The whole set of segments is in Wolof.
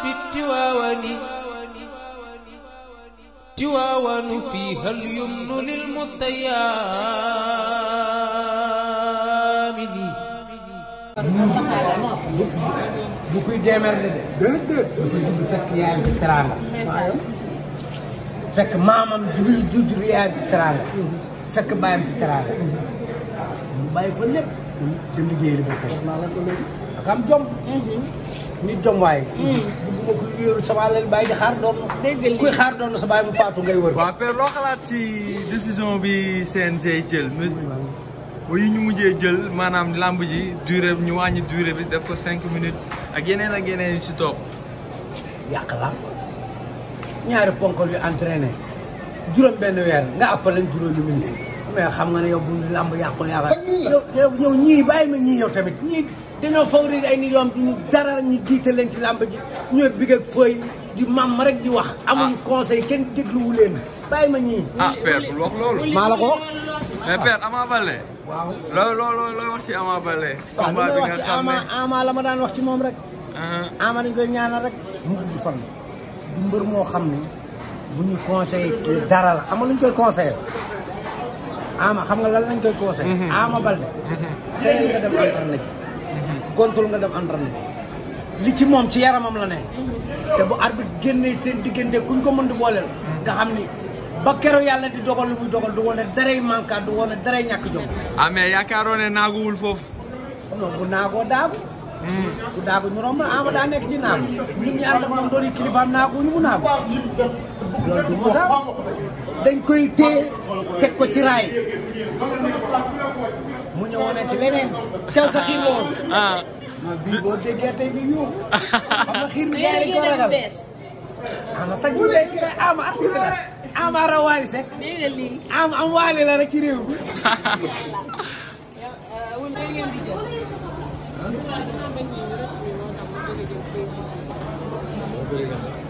في التواون تواون kuy deemer de fekk yaayam ci teraanga fekk maamam jubi judd yaayam ci teraanga mm-hmm. fekk baayam ci teraanga mm-hmm. mu bàyyi fa lépp mm-hmm. jom ni jom waaye ma kuy wéeru sama alal bàyyi di xaar doon kuy xaar doon sa mu faatu ngay wër. waaw père loo xalaat ci décision bi CNG jël. ba yi ñu mujjee jël maanaam làmb ji durée ñu wàññi durée bi def ko cinq minutes ak yeneen ak yeneen yu si topp. yàq làmb ñaari ponkol yu entraîné juróom benn weer nga àppale juróomi minute mais xam nga ne yow bu làmb yàqul yàqal. ñii bàyyi ma ñii yow tamit dañoo favoriser ay nit yoo xam duñu dara ñu diite leen ci làmb ji ñu yor big ak fooy di mam rek di wax. Ah. amuñu conseil kenn dégluwu leen bàyyi ma ñii. ah père bul wax loolu. maa la ko wax. mais père Ama Baldé. wax ci Ama Baldé. waaw li may wax ci Ama Ama la ma daan wax ci moom rek. Uh-huh. Ama dañ koy ñaanal rek. mu gudd fan du mbër moo xam ni bu ñuy conseillé dara la xam nga lu xam nga lan lañ koy conseillé. Uh-huh. Uh-huh. ji. gontul nga dem entraînement li ci moom ci yaramam la ne te bu arbitre génnee seen diggante kuñ ko mën di booleel nga xam ni ba keroog yàlla di dogal lu muy dogal du woon daray manquant du woon daray ñàkk jom ah mais yaakaaroon ne naaguwul foofu non bu naagoo daagu hmm. bu daagu ñu romb ama daa nekk ci naagu ñun ñu ànd ak moom doon kilifaam naagu ñu mu naagu loolu du mosa dañ koy téye teg ko ci raay mu ñëwoon ci leneen caw sa xiir la woon. ah non ah. bii boo déggee tey bii yow. xam nga xiir bi daal di ko ragal. ama sax ñu nekk rek ama artiste la ama raw waali sek. am am waali la rek ci réew mi. Thank you.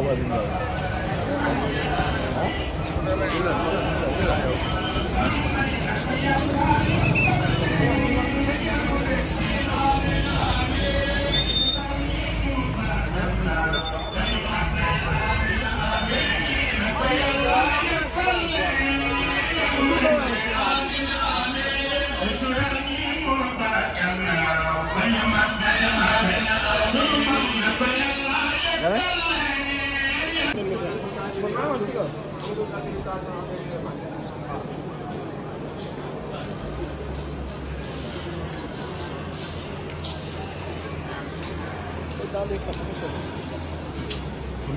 Abu Aziz Mbaye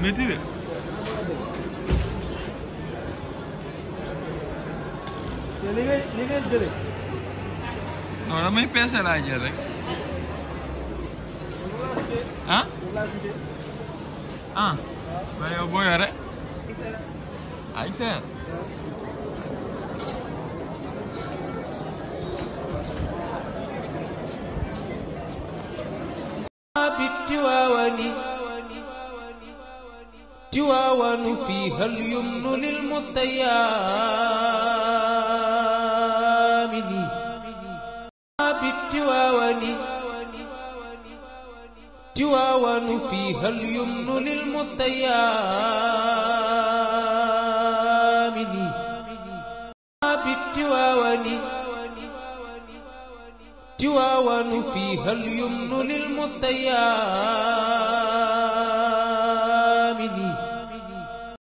Ne diyor? li ngay li ngay jëlee. non damay peese laa jël rek. ah. ah. waaye yow I can. تواون فيها اليمن للمتيامن بالتواون تواون فيها اليمن للمتيامن تواوني تواون فيها اليمن للمطيار